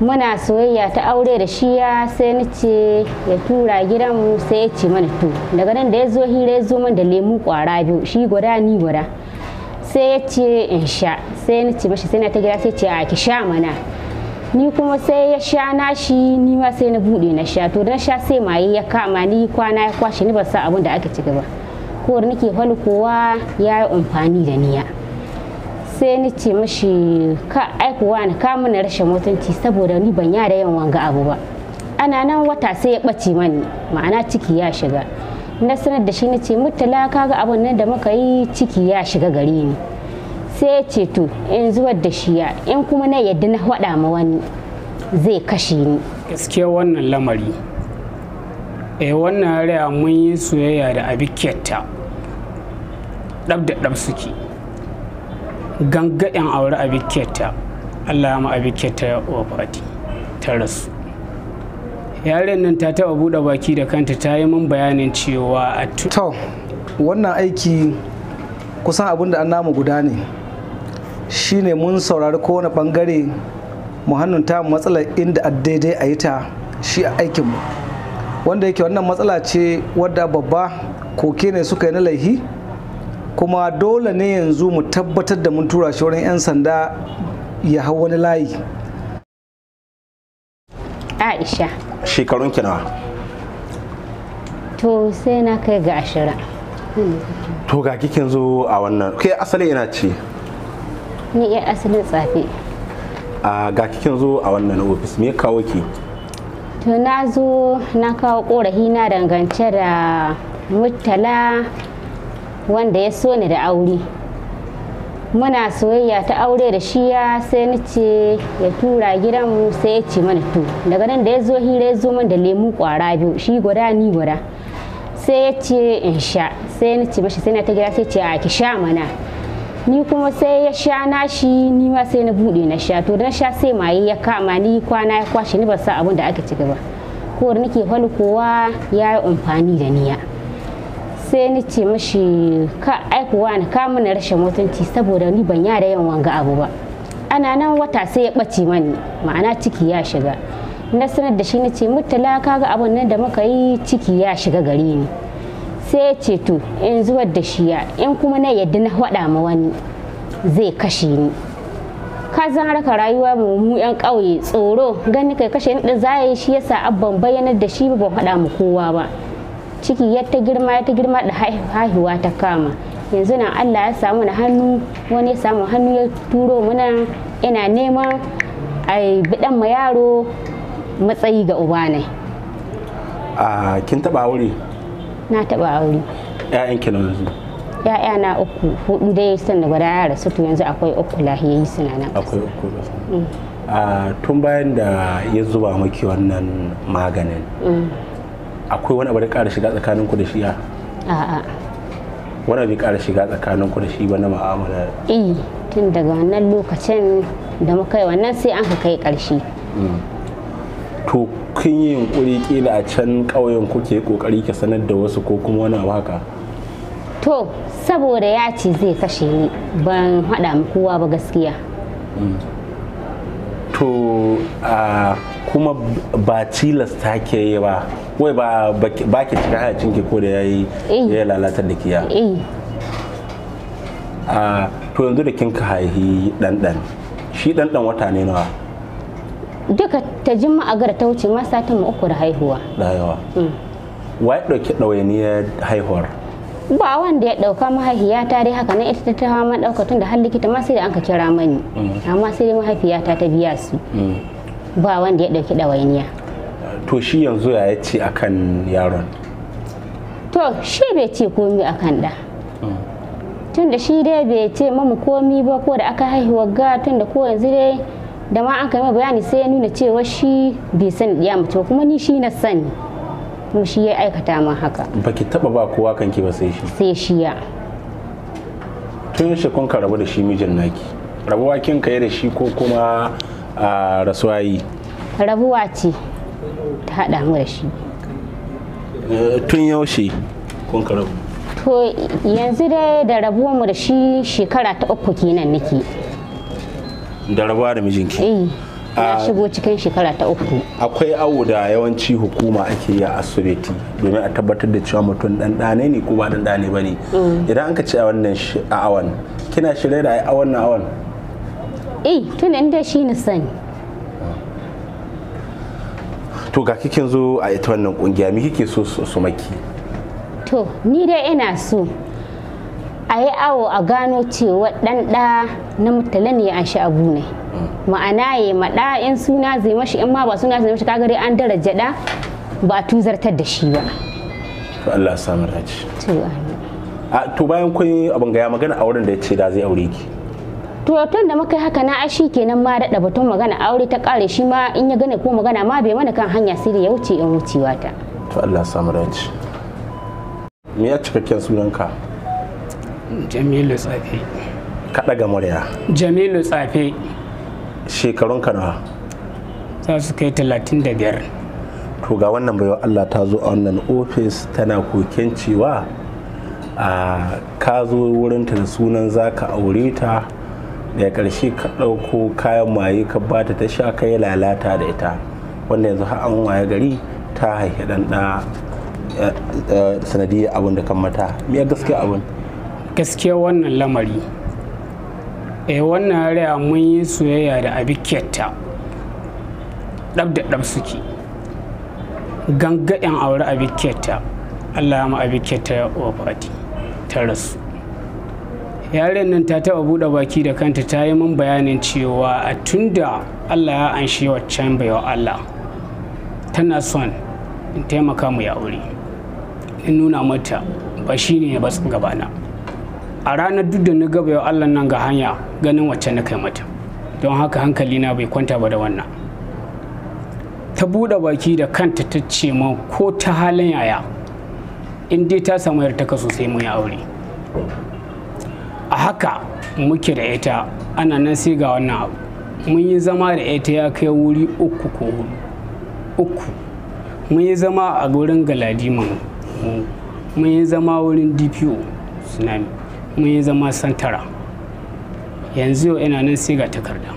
muna soyayya ta aure da shiya sai ni ce ya tura gidanmu sai ya ce mana to daga nan da ya zo hira ya zo man da lemu kwara biyu shi gwada ni gwada sai ya ce in sha sai ni ce mashi sai na ta gida sai ce a ki sha mana ni kuma sai ya sha na shi ni ma sai na bude na sha to dan sha sai maye ya kama ni kwana ya kwashe ni ba sa abin da aka ci gaba ko nake falkowa ya yi amfani da niya sai ni ce mashi ka aikuwa ni ka rashin mutunci saboda ni ban yada yawan wanga abu ba ana nan wata sai ya bace mani ma'ana ciki ya shiga na sanar da shi na ce mutala kaga abun nan da muka yi ciki ya shiga gare ni sai ya ce to in zuwar da shi ya in kuma na yadda na fada ma wani zai kashe ni gaskiya wannan lamari eh wannan raya mun yi soyayya da abikyarta ɗab da ɗab suke ganga aure a biketa allah ya ma a ya wafati ta rasu yaren nan ta taɓa buɗe baki da kanta ta yi min bayanin cewa a to wannan aiki kusan abin da an namu guda ne shine mun saurari kowane bangare mu hannunta matsalar inda a daidai a yi ta shi a aikinmu wanda yake wannan matsala ce wadda babba koke ne suka yi na laihi kuma dole ne yanzu mu tabbatar da mun tura shi wurin 'yan sanda ya hau wani layi aisha shekarun kina to sai na kai ga ashira. to ga kikin zo a wannan kai asali ina ce ni iya asalin tsafi a ga kikin zo a wannan ofis me kawo ki to na zo na kawo korafi na dangance da murtala wanda ya so ni da aure muna soyayya ta aure da shi ya sai ni ce ya tura gidanmu sai ya ce mana to daga nan da ya zo hira ya zo da lemu kwara biyu shi gwada ni gwada sai ya ce in sha sai ni ce mashi sai na ta gida sai ce a ki sha mana ni kuma sai ya sha na shi ni ma sai na bude na sha to dan sha sai mai ya kama ni kwana ya kwashe ni ba sa abin da aka ci gaba ko nake falkowa ya yi amfani da niya. sai ni ce mashi ka aikuwa ni ka rashin mutunci saboda ni ban yada yin wanga abu ba ana nan wata sai ya ɓace mani ma'ana ciki ya shiga na sanar da shi na ce mutala kaga abun nan da muka yi ciki ya shiga gari ni sai ya ce to in zuwar da shi ya in kuma na yadda na faɗa ma wani zai kashe ni ka zan raka rayuwa mu mu yan kauye tsoro gani kai kashe ni da zai shi yasa abban bayyanar da shi ban faɗa mu kowa ba ciki ya ta girma ya ta girma da haihuwa ta kama yanzu nan allah ya samu na hannu wani ya samu hannu ya turo muna ina neman a bidan ma yaro matsayi ga ne a kin taba aure na taba aure ƴaƴan ki yanzu ƴaƴa na uku hudu dai sun da gwada yara sutu yanzu akwai uku lahiyayi suna nan akwai uku mm. a tun bayan da ya zuba maki wannan maganin mm. akwai wani abu da ƙara shiga tsakanin ku da shi ya a'a wani abu ƙara shiga tsakanin ku da shi ba na ma'amala eh tun daga wannan lokacin da muka yi wannan sai an kai ƙarshe hmm. to kun yi yunkuri kila a can ƙauyen kuke kokari ki sanar da wasu ko kuma wani abu haka to saboda ya ce zai kashe ni ban haɗa mu kowa ba gaskiya hmm. to kuma ba tilasta ke yi ba wai ba ba ki cika hayacin ki ko da yayi ya eh. lalata da kiya eh. a to yanzu da kin ka haihi dan dan shi dan dan wata ne nawa duka ta a gara ta wuce ma satin uku da haihuwa da yawa mm. wa ya dauki dawainiyar haihuwar ba wanda ya dauka mahaifiyata dai haka ne ita ta hawa dauka tun da har likita ma sai da an ka kira mani mm. amma sai dai mahaifiyata ta biya su mm. ba wanda ya dauki dawainiya to shi yanzu ya ce akan yaron to shi bai ce komi akan da tun da shi dai bai ce mamu komi ba ko da aka haihuwa ga tun da ko yanzu dai da ma an kama bayani sai ya nuna cewa shi bai sani ya to kuma ni shi na sani kuma shi ya aikata min haka baki taba ba kowa ki ba sai shi sai shi ya tun yaushe kun ka rabu da shi mijin naki rabuwa kin kai da shi ko kuma a ah, rasuwayi rabuwa ce ta haɗa mu da shi eh, tun yaushe kun karabu to yanzu dai da rabuwar mu da shi shekara ta uku kenan nake da rabuwa da mijinki eh ya ah, shigo cikin shekara ta uku akwai awo da yawanci hukuma ake yi a asibiti domin a tabbatar da cewa mutum dan ɗane ne ko ba dan ɗane ba ne mm. idan an ka ce a wannan awon kina shirye da awon na awon eh tunan da shi ni sani to ga kikin zo a ita wannan kungiya mi kike so su maki to ni dai ina so a yi awo a gano cewa dan da na mutala ne an sha abu ne ma'ana ya maɗa in suna zai mashi in ma ba suna zai mashi kagare an daraja da ba tuzartar da shi ba to Allah ya samu raji to bayan kun abin ga ya magana wurin da ya ce da zai aure ki tun da muka yi haka na ashi kenan ma daɗa batun magana aure ta ƙare shi ma in ya gane ko magana ma bai mana kan hanya sai da ya wuce in wucewa ta to Allah samu rance me ya cikakken sunanka Jamilu Tsafe ka daga murya Jamilu Tsafe shekarun ka nawa za su kai talatin da biyar to ga wannan baiwa Allah ta zo a wannan ofis tana koken cewa ka zo wurinta da sunan za ka aure ta daga karshe ka ɗauko kayan maye ka bata ta sha ka yi lalata da ita wanda yanzu har an waye gari ta haifi ɗan ɗa sanadiyar abin da kan mata me gaske abin gaske wannan lamari eh wannan raya mun yi soyayya da abikiyarta ɗab da ɗab suke ganga yan aure abikiyarta allah ma ya ƙofa ta rasu yaren nan ta taba bude baki da kanta ta yi min bayanin cewa a tunda allah ya anshi waccan baiwa allah tana son in taimaka mu ya wuri in nuna mata ba shi ne ba gabana a ranar duk da na ga baiwa allah nan ga hanya ganin wacce na kai mata don haka hankali na bai kwanta ba da wannan ta bude baki da kanta ta ce ma ko ta halin yaya in dai ta samu yartaka sosai mu ya aure haka muke da ita ana nan sai ga wannan abu mun yi zama da ita ya kai wuri uku ko hudu uku mun yi zama a wurin galadiman mun yi zama wurin dpo tsunami mun yi zama santara yanzu yau ina nan sai ga takarda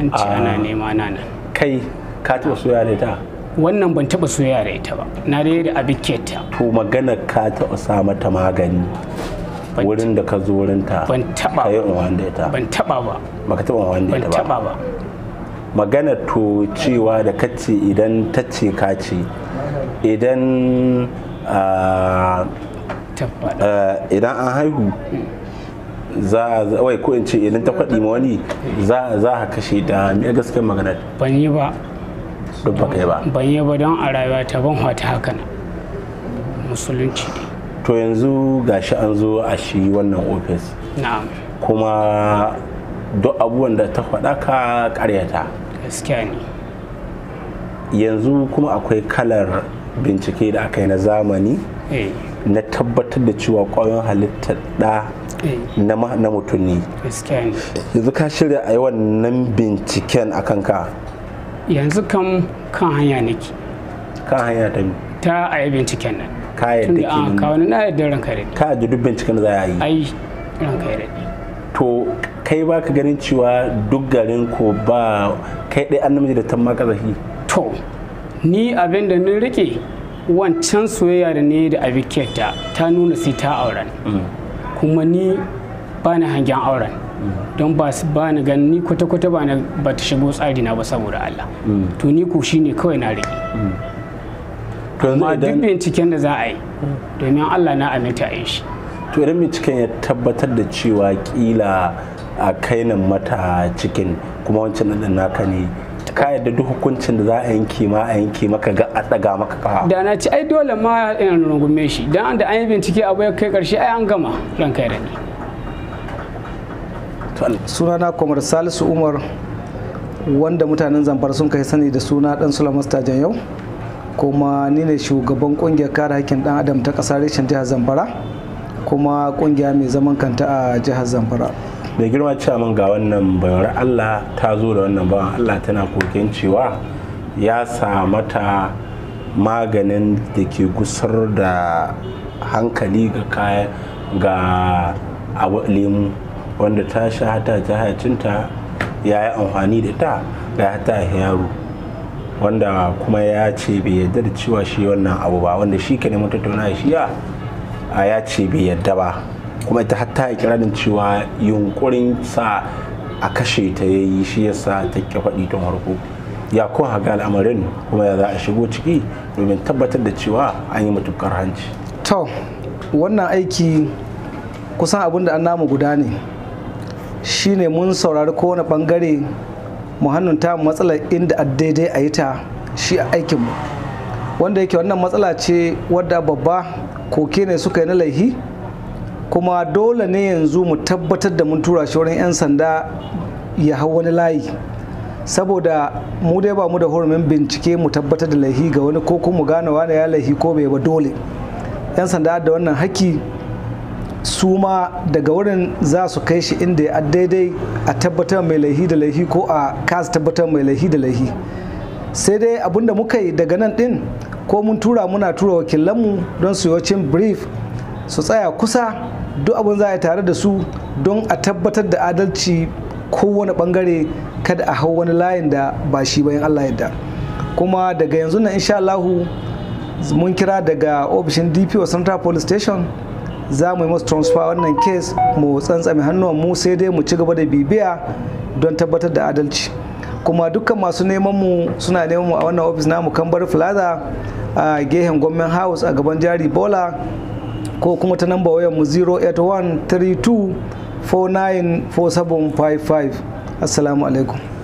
an ce ana ah. nema nana kai ka taɓa soya da ita wannan ban taɓa soya da ita ba na da da abin keta to magana ka taɓa sa mata magani wurin da ka zo wurin ta ban taba kai unwan da ita ban taba ba baka taba unwan da ita ban taba ba magana to cewa da kace idan ta ce ka ce idan idan an haihu za a wai ko in ce idan ta kwaɗi ma wani za a kashe ta mai gaskiyar magana ban yi ba duk ba kai ba ban yi ba don a rayuwa ta ban hata hakan musulunci ne to yanzu gashi an zo a shi wannan ofis kuma duk abubuwan da ta faɗa ka ƙaryata yanzu kuma akwai kalar bincike da aka yi na zamani eh. na tabbatar da cewa ƙwayoyin halitta ɗa eh. na mutum ne yanzu ka shirya a yi wannan binciken a kanka yanzu kan hanya nake kan hanya ta a yi binciken nan kayan da ke ah, ka wani na yadda ranka ka da duk binciken za yi ai ranka to kai ba ka ganin cewa duk garin ko ba kai dai an namiji da tan maka zafi to ni abin da ni rike wancan soyayya da ne da abikiyarta ta nuna sai ta auren mm. kuma ni ba na hangen auren mm. don ba ni ganin ni kwata-kwata ba ta shigo tsari na ba saboda Allah mm. to ni ko ne kawai na rike amma duk binciken da za a yi domin allah na aminta a shi to idan binciken ya tabbatar da cewa kila a kai nan mata cikin kuma wancan nan naka ne ka yadda duk hukuncin da za a yanke ma a yanke maka ga a daga maka kafa da na ci ai dole ma in rungume shi dan an da an yi bincike abu ya kai karshe ai an gama ranka kai rani sunana kwamar salisu umar wanda mutanen zamfara sun kai sani da suna dan sulamasta tajan yau kuma ni ne shugaban kungiyar kare hakkin ɗan adam ta kasar reshen jihar zamfara kuma kungiya mai zaman kanta a jihar zamfara mai girma cewa ga wannan bayar allah ta zo da wannan bayan allah tana koken cewa ya samata maganin da ke gusar da hankali ga kaya ga abu lemu wanda ta sha hata jihar cinta ya yi amfani da ta ga hata yaro wanda kuma ya ce bai yarda da cewa shi wannan abu ba wanda shi ka nemi tattauna shi ya a ce bai yarda ba kuma ita hatta da cewa yunkurin sa a kashe ta ya yi shi yasa ta ke faɗi ta harko ya kuma haga al'amarin kuma ya za a shigo ciki domin tabbatar da cewa an yi matukar hanci to wannan aiki kusan abin da an namu guda ne shine mun saurari kowane bangare mu hannunta matsalar inda daidai a yi ta shi a aikinmu wanda yake wannan matsala ce wadda babba koke ne suka yi na laihi kuma dole ne yanzu mu tabbatar da mun tura shi wurin 'yan sanda ya hau wani layi saboda mu dai ba mu da hurumin bincike mu tabbatar da laihi ga wani ko kuma gane wani ya laihi ko bai ba dole 'yan sanda da wannan haki su ma daga wurin za su kai shi inda ya daidai a tabbatar mai laihi da laihi ko a kasa tabbatar mai laihi da laihi sai dai da muka yi daga nan din ko mun tura muna tura wakilanmu don su yocin brief su tsaya kusa duk abin za a yi tare da su don a tabbatar da adalci kowane bangare kada a hau wani layin da ba shi bayan allah yadda kuma daga yanzu na insha Allahu mun kira daga ofishin dpo central police station za mu yi masu transfer wannan case mu tsantsame hannuwan mu sai dai mu ci gaba da bibiya don tabbatar da adalci kuma dukkan masu neman mu suna neman mu a wannan ofis namu kambar plaza a gehen gwamnan house a gaban jari bola ko kuma ta namba wayan mu 49 4755 assalamu alaikum